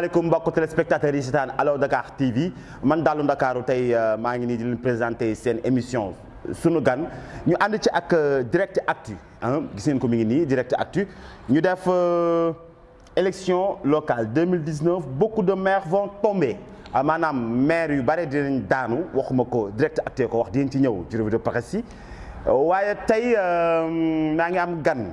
alaykoum mbokk téléspectateurs yi seetaan Allo Dakar TV man Dalu Ndakaaru tay euh, maa ngi nii di leen présenter sen émission sunu gan ñu and ci ak euh, direct actu ah gis ngeen ko mi ngi nii direct actu ñu def euh, élection locale 2019 beaucoup de maires vont tomber ah, manam maire yu bare dinañ daanu waxuma ko direct actu ko wax dinañ ci ñew ci revue de presse waye tay tey maa ngi am gan.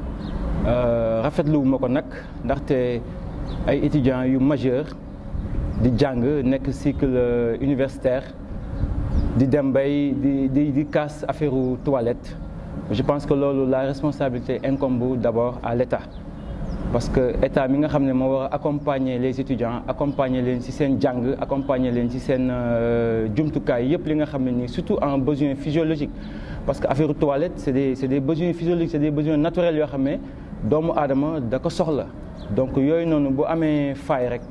Euh, rafet Loumoko Nak, ko que ndaxte ay étudiants yu majeur di jang nek cycle euh, universitaire di dem bay di di di casse affaire je pense que la responsabilité incombe d'abord à l'État parce que l'État mi nga accompagner les étudiants accompagner les ci sen jang accompagner les ci seen euh, jumtukaay yep li nga xamné surtout en besoin physiologique parce que affaire toilettes c'est des c'est des besoins physiologiques c'est des besoins naturels doomu aadama da ko soxla donc yooyu noonu bu amee faay rek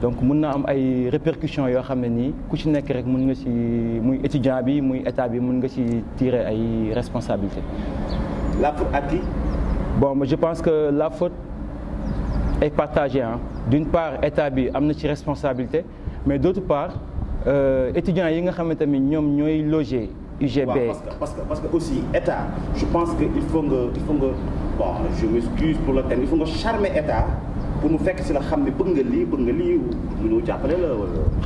donc mun na am ay répercussions yoo xam ne nii ku ci nekk rek mun nga ci muy étudiant bi muy état bi mun nga ci tirer ay responsabilités. La faute à qui? Bon, je pense que la faute est partagée. Hein. D'une part, état l'État a ci responsabilité, mais d'autre part, euh, les étudiants qui sont logés UGB parce que parce que aussi état je pense qu'il faut que, il faut que bon je m'excuse pour le terme il faut que charmer état pour nous faire c'est la xam bengali bengali ou nous bëgg là. lii mu ñëw jàppale la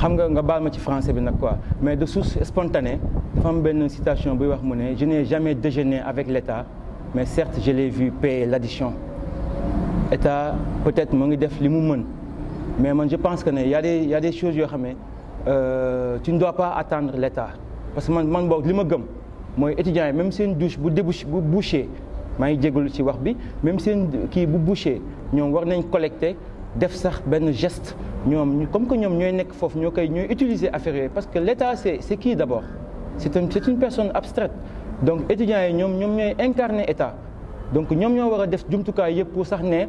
xam nga nga ci français quoi mais de source spontanée je vais citation buy wax je n'ai jamais déjeuné avec l'état mais certes je l'ai vu payer l'addition état peut-être mu fait def li mais moi je pense qu'il y a des y a des choses yoo xam euh, tu ne dois pas attendre l'état parce que man man boog li ma gëm moy étudiant même sen douche bu débouché bu bouché maa ngi ci wax bi même sen ki bu bouché ñom war nañ collecter def sax ben geste ñom comme que ñom ñoy nek foofu ñoo koy ñooy utiliser affaire parce que l'état c'est c'est qui d'abord, c'est une c'est une personne abstraite donc étudiant ñom ñom ñoy incarner état donc ñom ñoy wara a def jumtukaay yépp pour sax né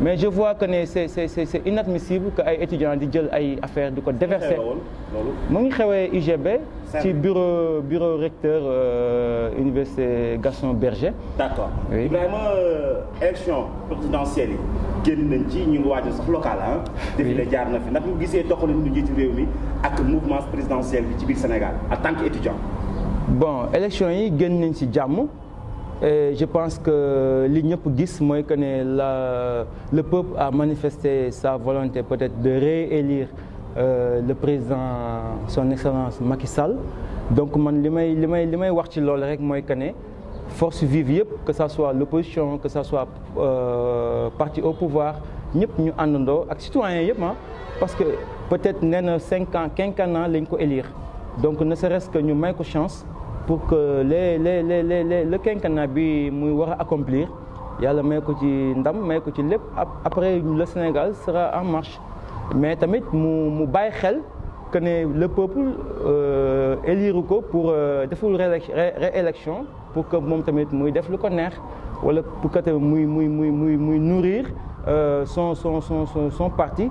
mais je vois que c'est inadmissible que ay étudiants di jël ay affaire de déverser Je ngi xewee UGB bureau bureau recteur euh, université Gaston Berger d'accord Vraiment, euh, élection présidentielle yi génn nañ ci ñu ngi waajal sax local ah defi la jaar na fi mi ak mouvement présidentiel du Sénégal en tant qu'étudiant bon élection yi une nañ ci je pense que moi, que le peuple a manifesté sa volonté peut-être de réélire euh, le président, son excellence Macky Sall. Donc, man, limay, limay, limay, warti lol rek force vive que ce soit l'opposition, que ce soit euh, parti au pouvoir, nous ñu citoyens ah. parce que peut-être néna 5 ans, 15 ans nous ko élire. Donc, ne serait-ce que nous avons ko chance pour que les les les les le quinquennat bi accomplir après le Sénégal sera en marche mais tamit que le peuple soit euh, pour euh, réélection pour que tamit pour que nourrir euh, son son son parti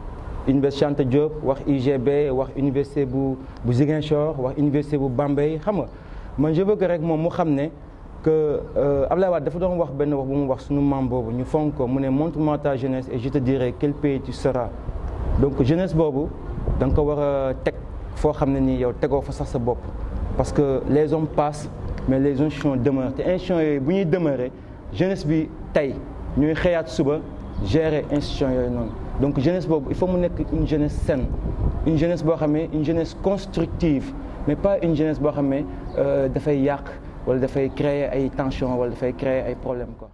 université Anta Diop wax UGB wax université bu bu Ziguinchor wax université bu Bambey xam nga man je veux que rek moom mu xam ne que euh, Ablaye Wade dafa doon wax ben wax bu mu wax suñu mam bobu ñu fonk ko mu ne montre-moi ta jeunesse et je te dirai quel pays tu seras donc jeunesse bobu da nga ko war a teg foo xam yow tegoo fa sax sa bop parce que les hommes passent mais les institutions demeurent te institutions yooyu bu ñuy demeurer jeunesse bi tay ñuy xeyat suba gérer institutions yoy noonu donc jeunesse il faut une jeunesse saine une jeunesse une jeunesse constructive mais pas une jeunesse qui de faire dafay ou créer des tensions wala créer des problèmes quoi.